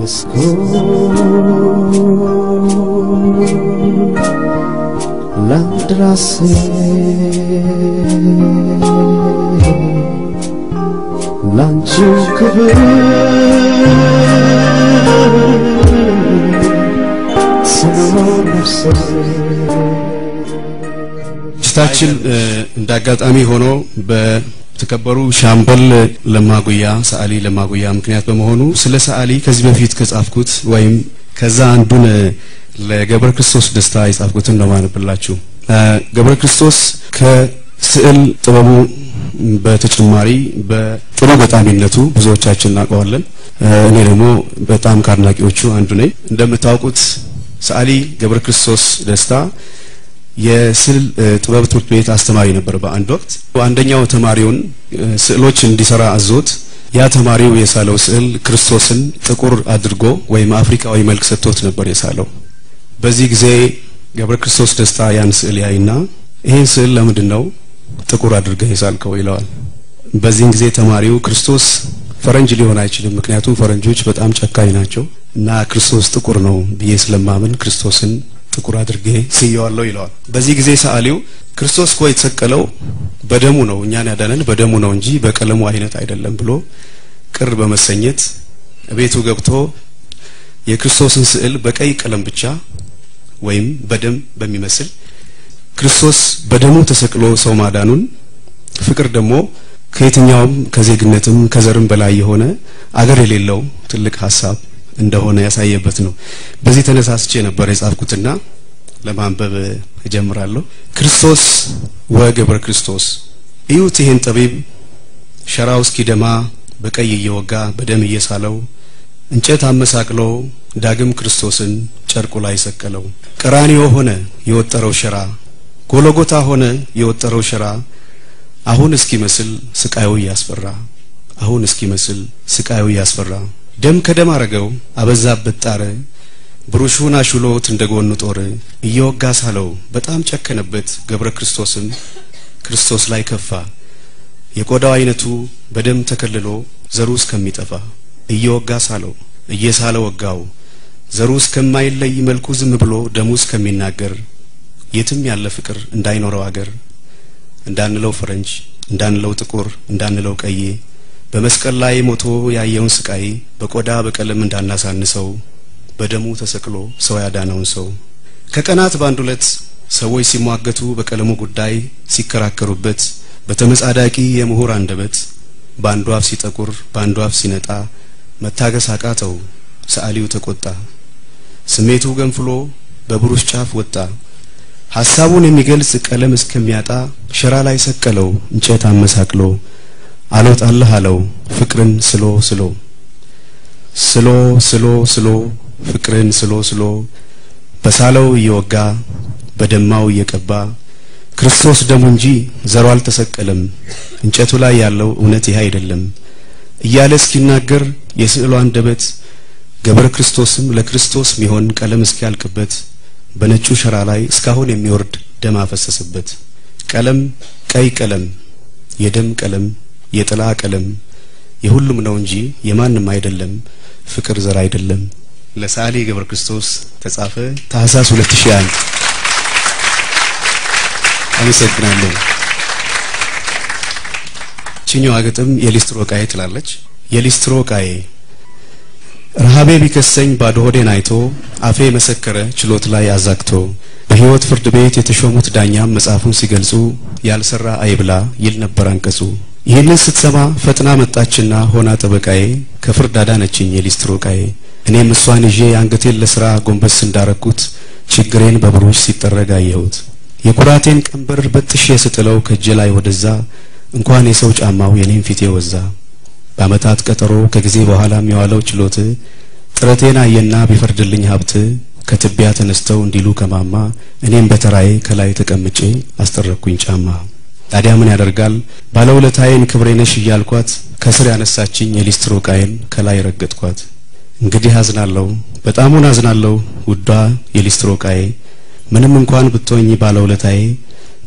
ምስጉን ላንድ ራሴ ላንቺ ክብር ስታችን እንዳጋጣሚ ሆኖ የተከበሩ ሻምበል ለማጉያ ሰዓሊ ለማጉያ ምክንያት በመሆኑ ስለ ሰዓሊ ከዚህ በፊት ከጻፍኩት ወይም ከዛ አንዱን ለገብረ ክርስቶስ ደስታ የጻፍኩትን ነው ማነብላችሁ። ገብረ ክርስቶስ ከስዕል ጥበቡ በተጨማሪ በጥሩ ገጣሚነቱ ብዙዎቻችን እናውቀዋለን። እኔ ደግሞ በጣም ከአድናቂዎቹ አንዱ ነኝ። እንደምታውቁት ሰዓሊ ገብረ ክርስቶስ ደስታ የስዕል ጥበብ ትምህርት ቤት አስተማሪ ነበር። በአንድ ወቅት አንደኛው ተማሪውን ስዕሎች እንዲሰራ አዞት ያ ተማሪው የሳለው ስዕል ክርስቶስን ጥቁር አድርጎ ወይም አፍሪካዊ መልክ ሰጥቶት ነበር የሳለው። በዚህ ጊዜ ገብረ ክርስቶስ ደስታ ያን ስዕል ያይና ይህን ስዕል ለምንድን ነው ጥቁር አድርገህ የሳልከው ይለዋል። በዚህን ጊዜ ተማሪው ክርስቶስ ፈረንጅ ሊሆን አይችልም፣ ምክንያቱም ፈረንጆች በጣም ጨካኝ ናቸው እና ክርስቶስ ጥቁር ነው ብዬ ስለማምን ክርስቶስን ጥቁር አድርጌ ስየዋለው ይለዋል። በዚህ ጊዜ ሰዓሊው ክርስቶስ እኮ የተሰቀለው በደሙ ነው፣ እኛን ያዳነን በደሙ ነው እንጂ በቀለሙ አይነት አይደለም ብሎ ቅር በመሰኘት ቤቱ ገብቶ የክርስቶስን ስዕል በቀይ ቀለም ብቻ ወይም በደም በሚመስል ክርስቶስ በደሙ ተሰቅሎ ሰው ማዳኑን ፍቅር ደግሞ ከየትኛውም ከዜግነትም ከዘርም በላይ የሆነ አገር የሌለው ትልቅ ሀሳብ እንደሆነ ያሳየበት ነው። በዚህ ተነሳስቼ ነበር የጻፍኩትና ለማንበብ እጀምራለሁ። ክርስቶስ ወገብረ ክርስቶስ እዩት ይህን ጠቢብ ሸራው እስኪደማ በቀይ እየወጋ በደም እየሳለው እንጨት አመሳቅሎ ዳግም ክርስቶስን ጨርቁ ላይ ሰቀለው። ቀራኒዮ ሆነ የወጠረው ሸራ፣ ጎሎጎታ ሆነ የወጠረው ሸራ። አሁን እስኪመስል ስቃዩ ያስፈራ፣ አሁን እስኪመስል ስቃዩ ያስፈራ። ደም ከደም አረገው አበዛበት ጣረ ብሩሹን አሹሎት እንደ ጎኑ ጦር እየወጋ ሳለው በጣም ጨከነበት። ገብረ ክርስቶስም ክርስቶስ ላይ ከፋ የቆዳው አይነቱ በደም ተከልሎ ዘሩ እስከሚጠፋ እየወጋ ሳለው እየሳለ ወጋው ዘሩ እስከማይለይ መልኩ ዝም ብሎ ደሙ እስከሚናገር የትም ያለ ፍቅር እንዳይኖረው አገር እንዳንለው ፈረንጅ እንዳንለው ጥቁር እንዳንለው ቀዬ በመስቀል ላይ ሞቶ ያየውን ስቃይ በቆዳ በቀለም እንዳናሳንሰው በደሙ ተሰቅሎ ሰው ያዳነውን ሰው ከቀናት በአንድ ዕለት ሰዎች ሲሟገቱ በቀለሙ ጉዳይ ሲከራከሩበት በተመጻዳቂ የምሁር አንደበት በአንዱ አፍ ሲጠቁር በአንዱ አፍ ሲነጣ መታገስ አቃተው ሰዓሊው ተቆጣ። ስሜቱ ገንፍሎ በብሩስ ጫፍ ወጣ። ሐሳቡን የሚገልጽ ቀለም እስከሚያጣ ሸራ ላይ ሰቀለው እንጨት አመሳቅሎ አልወጣልህ አለው ፍቅርን ስሎ ስሎ ስሎ ስሎ ስሎ ፍቅርን ስሎ ስሎ በሳለው እየወጋ በደማው እየቀባ ክርስቶስ ደሙ እንጂ ዘሮ አልተሰቀለም እንጨቱ ላይ ያለው እውነት ይህ አይደለም እያለ እስኪናገር የስዕሉ አንደበት ገብረ ክርስቶስም ለክርስቶስ ሚሆን ቀለም እስኪያልቅበት በነጩ ሸራ ላይ እስካሁን የሚወርድ ደም አፈሰሰበት። ቀለም ቀይ ቀለም የደም ቀለም የጥላ ቀለም የሁሉም ነው እንጂ የማንም አይደለም። ፍቅር ዘር አይደለም። ለሰዓሊ ገብረ ክርስቶስ ተጻፈ ታህሳስ 2001 አመሰግናለሁ። ችኛዋ ግጥም የሊስትሮ ቃዬ ትላለች። የሊስትሮ ቃዬ ረሃቤ ቢከሰኝ ባዶ ሆዴን አይቶ አፌ መሰከረ ችሎት ላይ አዛግቶ በሕይወት ፍርድ ቤት የተሾሙት ዳኛም መጽሐፉን ሲገልጹ ያልሰራ አይብላ ይል ነበር አንቀጹ። ይህንን ስትሰማ ፈጥና መጣችና ሆና ጠበቃዬ ከፍርድ አዳነችኝ የሊስትሮ ዕቃዬ። እኔም እሷን ይዤ አንገቴን ለስራ ጎንበስ እንዳረግኩት ችግሬን በብሩሽ ሲጠረግ አየሁት። የኩራቴን ቀንበር በጥሼ ስጥለው ከእጄ ላይ ወደዛ እንኳን የሰው ጫማው የኔም ፊቴ ወዛ። በአመታት ቀጠሮ ከጊዜ በኋላም የዋለው ችሎት ጥረቴን አየና ቢፈርድልኝ ሀብት ከትቢያ ተነስተው እንዲሉ ከማማ እኔም በተራዬ ከላይ ተቀምጬ አስጠረኩኝ ጫማ ታዲያ ምን ያደርጋል? ባለውለታዬን ነሽ እያልኳት ከስር ያነሳችኝ የሊስትሮ ዕቃዬን ከላይ ረገጥኳት። እንግዲህ አዝናለሁ፣ በጣሙን አዝናለሁ። ውዷ የሊስትሮ ዕቃዬ ምንም እንኳን ብትሆኝ ባለውለታዬ፣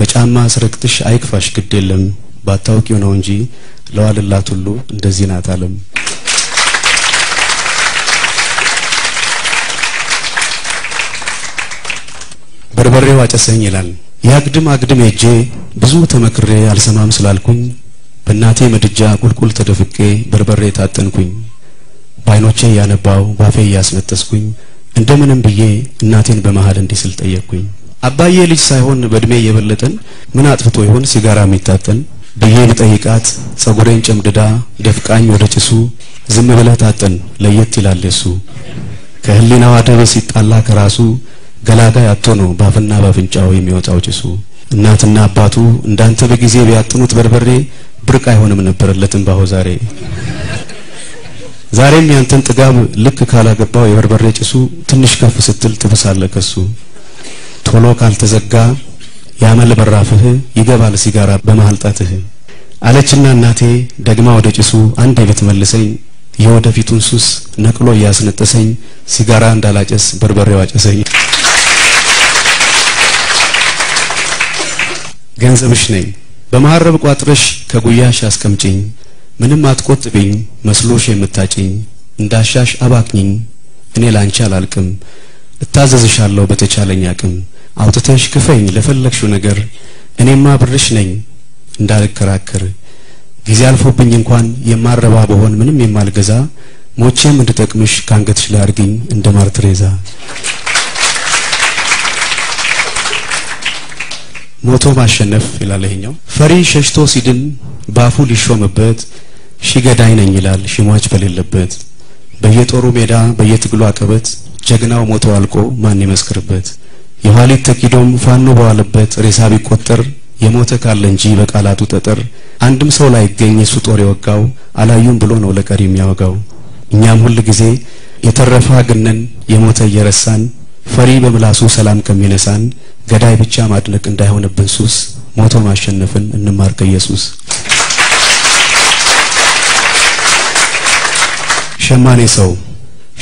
በጫማ ስረግጥሽ አይክፋሽ ግድ የለም ባታውቂው ነው እንጂ ለዋልላት ሁሉ እንደዚህ ናት አለም። በርበሬው አጨሰኝ ይላል። የአግድም አግድም ሄጄ ብዙ ተመክሬ አልሰማም ስላልኩኝ በእናቴ ምድጃ ቁልቁል ተደፍቄ በርበሬ ታጠንኩኝ። በዓይኖቼ እያነባው ባፌ እያስነጠስኩኝ እንደምንም ብዬ እናቴን በመሀል እንዲህ ስል ጠየቅኩኝ። አባዬ ልጅ ሳይሆን በእድሜ እየበለጠን ምን አጥፍቶ ይሆን ሲጋራ የሚታጠን ብዬ ብጠይቃት ጸጉሬን ጨምድዳ ደፍቃኝ ወደ ጭሱ ዝም ብለህ ታጠን ለየት ይላል እሱ ከህሊናዋ ደበ ሲጣላ ከራሱ ገላጋይ አቶ ነው ባፍና ባፍንጫው የሚወጣው ጭሱ። እናትና አባቱ እንዳንተ በጊዜ ቢያጥኑት በርበሬ ብርቅ አይሆንም ነበር ባሁ ዛሬ። ዛሬም ያንተን ጥጋብ ልክ ካላገባው የበርበሬ ጭሱ ትንሽ ከፍ ስትል ጥብስ አለ ከሱ። ቶሎ ካልተዘጋ ያመል በራፍህ ይገባል ሲጋራ በማልጣትህ አለችና እናቴ ደግማ ወደ ጭሱ አንዴ መልሰኝ የወደፊቱን ሱስ ነቅሎ እያስነጠሰኝ ሲጋራ እንዳላጨስ በርበሬው አጨሰኝ። ገንዘብሽ ነኝ በመሐረብ ቋጥረሽ ከጉያሽ አስቀምጭኝ ምንም አትቆጥብኝ መስሎሽ የምታጭኝ እንዳሻሽ አባክኝኝ እኔ ላንቺ አላልቅም እታዘዝሻለሁ በተቻለኝ አቅም አውጥተሽ ክፈኝ ለፈለግሽው ነገር እኔማ ብርሽ ነኝ እንዳልከራከር ጊዜ አልፎብኝ እንኳን የማረባ በሆን ምንም የማልገዛ ሞቼም እንድጠቅምሽ ከአንገትሽ ላይ አድርግኝ እንደ ማርትሬዛ ሞቶ ማሸነፍ ይላል ይሄኛው። ፈሪ ሸሽቶ ሲድን ባፉ ሊሾምበት ሺህ ነኝ ይላል ሺሟች በሌለበት። በየጦሩ ሜዳ በየትግሉ አቀበት ጀግናው ሞቶ አልቆ ማን ይመስክርበት። የኋሊት ተኪዶም ፋኖ በዋለበት ሬሳ ቢቆጠር የሞተ ካለ እንጂ በቃላቱ ጠጠር አንድም ሰው ላይ ይገኝ የሱ ጦር የወጋው አላዩም ብሎ ነው ለቀሪ የሚያወጋው። እኛም ሁል ጊዜ የተረፈ ግነን የሞተ እየረሳን ፈሪ በምላሱ ሰላም ከሚነሳን ገዳይ ብቻ ማድነቅ እንዳይሆንብን ሱስ ሞቶ ማሸነፍን እንማር ከኢየሱስ። ሸማኔ ሰው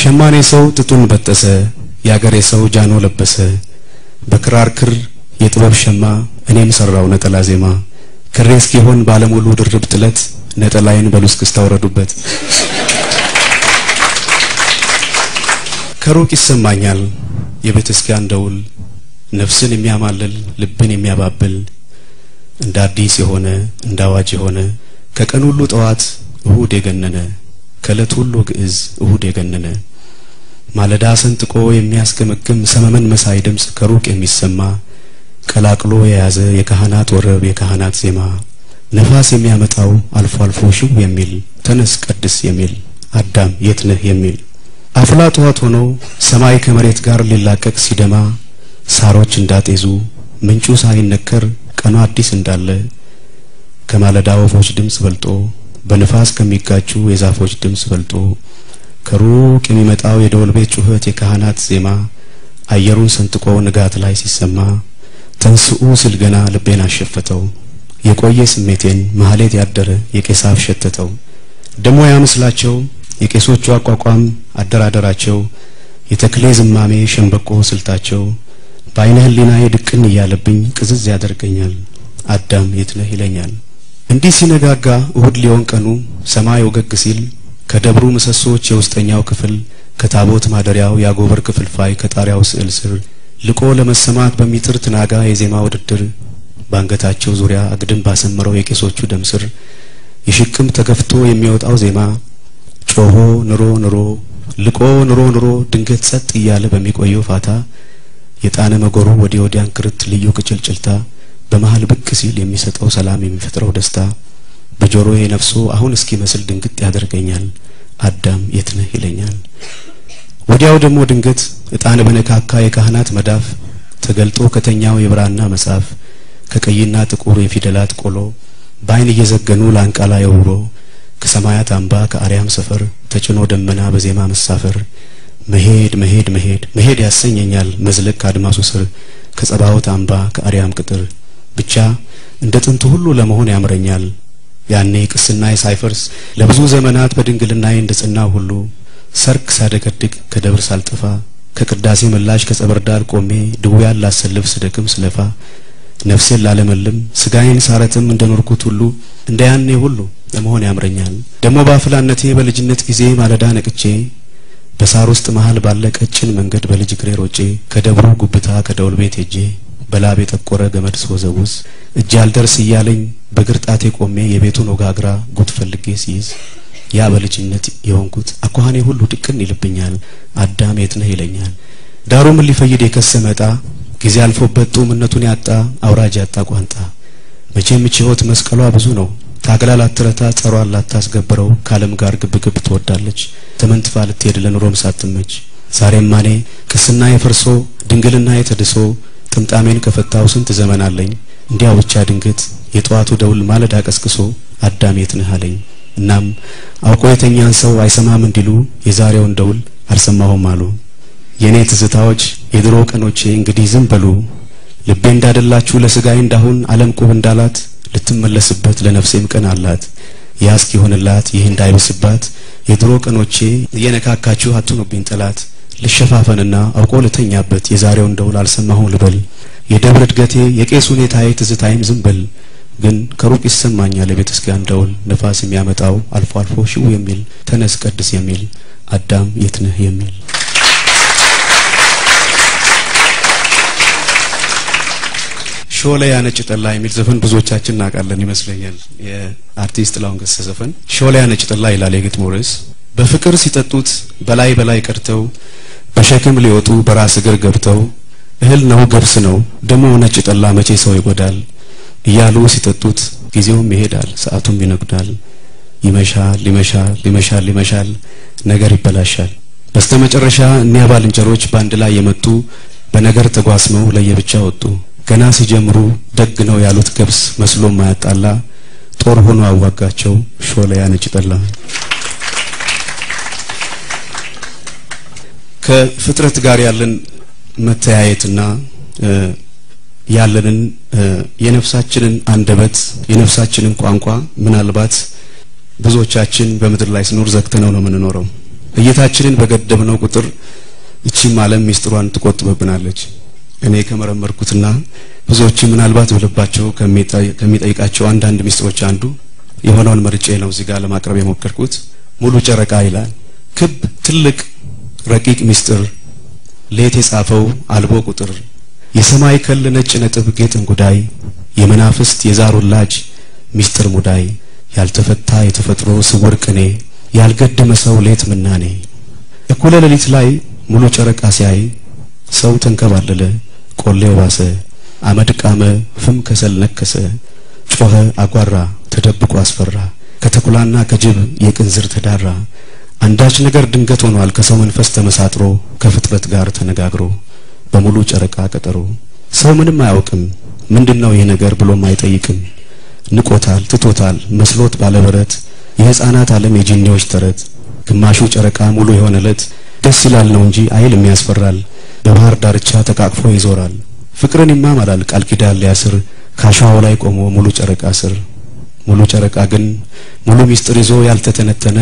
ሸማኔ ሰው ጥጡን በጠሰ፣ የአገሬ ሰው ጃኖ ለበሰ። በክራር ክር የጥበብ ሸማ እኔም ሰራው ነጠላ ዜማ ክሬ እስኪሆን ባለሙሉ ድርብ ጥለት ነጠላይን በሉስክስ ታውረዱበት። ከሩቅ ይሰማኛል የቤተ ክርስቲያን ደውል ነፍስን የሚያማልል ልብን የሚያባብል እንደ አዲስ የሆነ እንደ አዋጅ የሆነ ከቀን ሁሉ ጠዋት እሁድ የገነነ ከእለት ሁሉ ግዕዝ እሁድ የገነነ ማለዳ ሰንጥቆ የሚያስገመግም ሰመመን መሳይ ድምፅ ከሩቅ የሚሰማ ቀላቅሎ የያዘ የካህናት ወረብ የካህናት ዜማ ነፋስ የሚያመጣው አልፎ አልፎ ሽው የሚል ተነስ ቀድስ የሚል አዳም የትነህ የሚል አፍላ ጠዋት ሆኖ ሰማይ ከመሬት ጋር ሊላቀቅ ሲደማ ሳሮች እንዳጤዙ ምንጩ ሳይነከር ቀኑ አዲስ እንዳለ ከማለዳ ወፎች ድምፅ በልጦ በንፋስ ከሚጋጩ የዛፎች ድምፅ በልጦ ከሩቅ የሚመጣው የደወል ቤት ጩኸት የካህናት ዜማ አየሩን ሰንጥቆ ንጋት ላይ ሲሰማ ተንስኡ ስል ገና ልቤን አሸፈተው የቆየ ስሜቴን መሀሌት ያደረ የቄሳፍ ሸተተው ደሞ ያምስላቸው የቄሶቹ አቋቋም አደራደራቸው የተክሌ ዝማሜ ሸንበቆ ስልታቸው በአይነ ህሊናዬ ድቅን እያለብኝ ቅዝዝ ያደርገኛል። አዳም የት ነህ ይለኛል። እንዲህ ሲነጋጋ እሁድ ሊሆን ቀኑ ሰማይ ወገግ ሲል ከደብሩ ምሰሶዎች የውስጠኛው ክፍል ከታቦት ማደሪያው የአጎበር ክፍልፋይ ከጣሪያው ስዕል ስር ልቆ ለመሰማት በሚጥር ትናጋ የዜማ ውድድር በአንገታቸው ዙሪያ አግድም ባሰመረው የቄሶቹ ደም ስር የሽቅም ተገፍቶ የሚወጣው ዜማ ጮሆ ኑሮ ኑሮ ልቆ ኑሮ ንሮ ድንገት ጸጥ እያለ በሚቆየው ፋታ የጣነ መጎሩ ወዲያ ወዲያን ክርት ልዩ ቅጭልጭልታ በመሃል ብቅ ሲል የሚሰጠው ሰላም የሚፈጥረው ደስታ በጆሮዬ ነፍሶ አሁን እስኪመስል ድንግጥ ያደርገኛል። አዳም የት ነህ ይለኛል። ወዲያው ደግሞ ድንገት እጣን በነካካ የካህናት መዳፍ ተገልጦ ከተኛው የብራና መጽሐፍ ከቀይና ጥቁር የፊደላት ቆሎ በአይን እየዘገኑ ላንቃላ የውሮ ከሰማያት አምባ ከአርያም ሰፈር ተጭኖ ደመና በዜማ መሳፈር መሄድ መሄድ መሄድ መሄድ ያሰኘኛል መዝለቅ ከአድማሱ ስር ከጸባዖት አምባ ከአርያም ቅጥር ብቻ እንደ ጥንቱ ሁሉ ለመሆን ያምረኛል ያኔ ቅስናዬ ሳይፈርስ ለብዙ ዘመናት በድንግልናዬ እንደ ጽናው ሁሉ ሰርክ ሳደገድግ ከደብር ሳልጠፋ ከቅዳሴ ምላሽ ከጸበር ዳር ቆሜ ድውያን ላሰልፍ ስደክም ስለፋ ነፍሴን ላለመልም ስጋዬን ሳረትም እንደ ኖርኩት ሁሉ እንደ ያኔ ሁሉ ለመሆን ያምረኛል ደግሞ በአፍላነቴ በልጅነት ጊዜ ማለዳ ነቅቼ በሳር ውስጥ መሀል ባለ ቀጭን መንገድ በልጅ እግሬ ሮጬ ከደብሩ ጉብታ ከደውል ቤት ሄጄ በላብ የጠቆረ ገመድ ስወዘውዝ እጅ አልደርስ እያለኝ በእግር ጣቴ ቆሜ የቤቱን ወጋግራ ጉድ ፈልጌ ሲይዝ ያ በልጅነት የሆንኩት አኳኋኔ ሁሉ ድቅን ይልብኛል። አዳም የት ነህ ይለኛል። ዳሩ ምን ሊፈይድ የከሰ መጣ ጊዜ አልፎበት ጡምነቱን ያጣ አውራጅ ያጣ ቋንጣ መቼም ይህች ሕይወት መስቀሏ ብዙ ነው። ታግላ ላትረታ ጸሯን ላታስገብረው ከዓለም ጋር ግብግብ ትወዳለች። ተመንትፋ ልትሄድ ለኑሮም ሳትመች ዛሬም ማኔ ክስና የፈርሶ ድንግልና የተድሶ ጥምጣሜን ከፈታው ስንት ዘመን አለኝ። እንዲያ ብቻ ድንገት የጠዋቱ ደውል ማለዳ ቀስቅሶ አዳም የት ነህ አለኝ። እናም አውቆ የተኛን ሰው አይሰማም እንዲሉ የዛሬውን ደውል አልሰማሁም አሉ። የእኔ ትዝታዎች የድሮ ቀኖቼ እንግዲህ ዝም በሉ ልቤ እንዳደላችሁ ለስጋዬ እንዳሁን ዓለም ቁብ እንዳላት ልትመለስበት ለነፍሴም ቀን አላት። ያ እስኪሆንላት ይህ እንዳይብስባት የድሮ ቀኖቼ እየነካካችሁ አትኑብኝ ጠላት። ልሸፋፈንና አውቆ ልተኛበት የዛሬውን ደውል አልሰማሁም ልበል። የደብረ እድገቴ የቄስ ሁኔታዬ ትዝታይም ዝምበል ግን ከሩቅ ይሰማኛል የቤተ ደውል ነፋስ የሚያመጣው አልፎ አልፎ ሽው የሚል ተነስ ቀድስ የሚል አዳም የት የሚል ሾለያ ነጭ ጠላ የሚል ዘፈን ብዙዎቻችን እናውቃለን ይመስለኛል። የአርቲስት ጥላሁን ገሰሰ ዘፈን ሾለያ ነጭ ጠላ ይላል የግጥሙ ርዕስ። በፍቅር ሲጠጡት በላይ በላይ ቀርተው በሸክም ሊወጡ በራስ እግር ገብተው እህል ነው ገብስ ነው ደሞ ነጭ ጠላ መቼ ሰው ይጎዳል እያሉ ሲጠጡት ጊዜውም ይሄዳል ሰዓቱም ይነጉዳል። ይመሻል ይመሻል ይመሻል ይመሻል ነገር ይበላሻል። በስተመጨረሻ እኒያ ባልንጀሮች በአንድ ላይ የመጡ በነገር ተጓስመው ለየብቻ ወጡ። ገና ሲጀምሩ ደግ ነው ያሉት ገብስ መስሎ ማያጣላ ጦር ሆኖ አዋጋቸው ሾላ ያነጭ ጠላ። ከፍጥረት ጋር ያለን መተያየትና ያለንን የነፍሳችንን አንደበት የነፍሳችንን ቋንቋ ምናልባት ብዙዎቻችን በምድር ላይ ስኖር ዘግተነው ነው የምንኖረው። እይታችንን በገደብነው ቁጥር ይቺም ዓለም ሚስጥሯን ትቆጥብብናለች። እኔ ከመረመርኩትና ብዙዎች ምናልባት በልባቸው ከሚጠይቃቸው አንዳንድ ሚስጥሮች አንዱ የሆነውን መርጬ ነው እዚህ ጋር ለማቅረብ የሞከርኩት። ሙሉ ጨረቃ ይላል። ክብ ትልቅ ረቂቅ ሚስጥር ሌት የጻፈው አልቦ ቁጥር የሰማይ ከል ነጭ ነጥብ ጌጥን እንጉዳይ የመናፍስት የዛር ውላጅ ሚስጥር ሙዳይ ያልተፈታ የተፈጥሮ ስውር ቅኔ ያልገደመ ሰው ሌት ምናኔ እኩለ ሌሊት ላይ ሙሉ ጨረቃ ሲያይ ሰው ተንከባለለ። ቆሌው ባሰ፣ አመድ ቃመ፣ ፍም ከሰል ነከሰ፣ ጮኸ አጓራ፣ ተደብቆ አስፈራ፣ ከተኩላና ከጅብ የቅንዝር ተዳራ። አንዳች ነገር ድንገት ሆኗል ከሰው መንፈስ ተመሳጥሮ፣ ከፍጥረት ጋር ተነጋግሮ፣ በሙሉ ጨረቃ ቀጠሮ። ሰው ምንም አያውቅም ምንድነው ይህ ነገር ብሎም አይጠይቅም። ንቆታል ትቶታል መስሎት ባለበረት የህፃናት ዓለም የጂኒዎች ተረት ግማሹ ጨረቃ ሙሉ የሆነ ደስ ይላል ነው እንጂ አይልም ያስፈራል። በባህር ዳርቻ ተቃቅፎ ይዞራል። ፍቅርን ይማማላል ቃል ኪዳን ሊያስር ካሸዋው ላይ ቆሞ ሙሉ ጨረቃ ስር ሙሉ ጨረቃ ግን ሙሉ ሚስጥር ይዞ ያልተተነተነ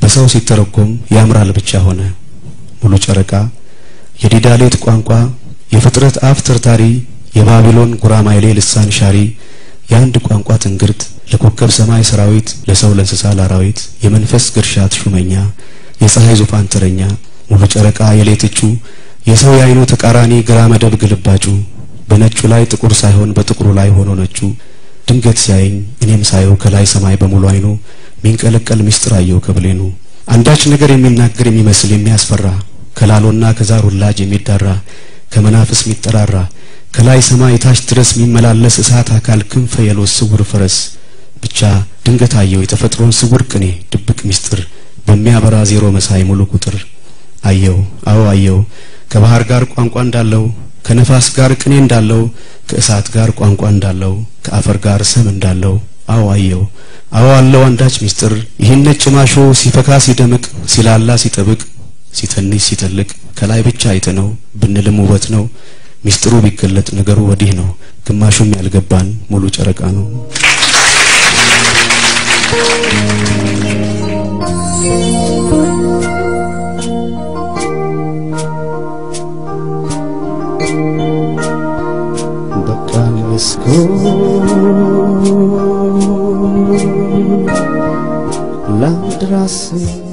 በሰው ሲተረጎም ያምራል ብቻ ሆነ። ሙሉ ጨረቃ የዲዳሌት ቋንቋ የፍጥረት አፍ ትርታሪ የባቢሎን ጉራማይሌ ልሳን ሻሪ የአንድ ቋንቋ ትንግርት ለኮከብ ሰማይ ሰራዊት ለሰው ለእንስሳ ላራዊት የመንፈስ ግርሻት ሹመኛ የፀሐይ ዙፋን ትረኛ ሙሉ ጨረቃ የሌትቹ የሰው የአይኑ ተቃራኒ ግራ መደብ ግልባጩ በነጩ ላይ ጥቁር ሳይሆን በጥቁሩ ላይ ሆኖ ነጩ ድንገት ሲያይኝ እኔም ሳየው ከላይ ሰማይ በሙሉ አይኑ ሚንቀለቀል ምስጢር አየው ከብሌኑ አንዳች ነገር የሚናገር የሚመስል የሚያስፈራ ከላሎና ከዛር ውላጅ የሚዳራ ከመናፍስ የሚጠራራ ከላይ ሰማይ ታች ድረስ የሚመላለስ እሳት አካል ክንፈ የሎስ ስውር ፈረስ ብቻ ድንገት አየው የተፈጥሮን ስውር ቅኔ ድብቅ ምስጢር በሚያበራ ዜሮ መሳይ ሙሉ ቁጥር አየው አዎ አየው ከባህር ጋር ቋንቋ እንዳለው ከነፋስ ጋር ቅኔ እንዳለው ከእሳት ጋር ቋንቋ እንዳለው ከአፈር ጋር ስም እንዳለው አዎ አየው አዎ አለው አንዳች ምስጢር ይህን ነጭ ማሾ ሲፈካ ሲደምቅ ሲላላ ሲጠብቅ ሲተንሽ ሲጠልቅ ከላይ ብቻ አይተነው ብንልም ውበት ነው ሚስጥሩ ቢገለጥ ነገሩ ወዲህ ነው ግማሹም ያልገባን ሙሉ ጨረቃ ነው Thank you. assim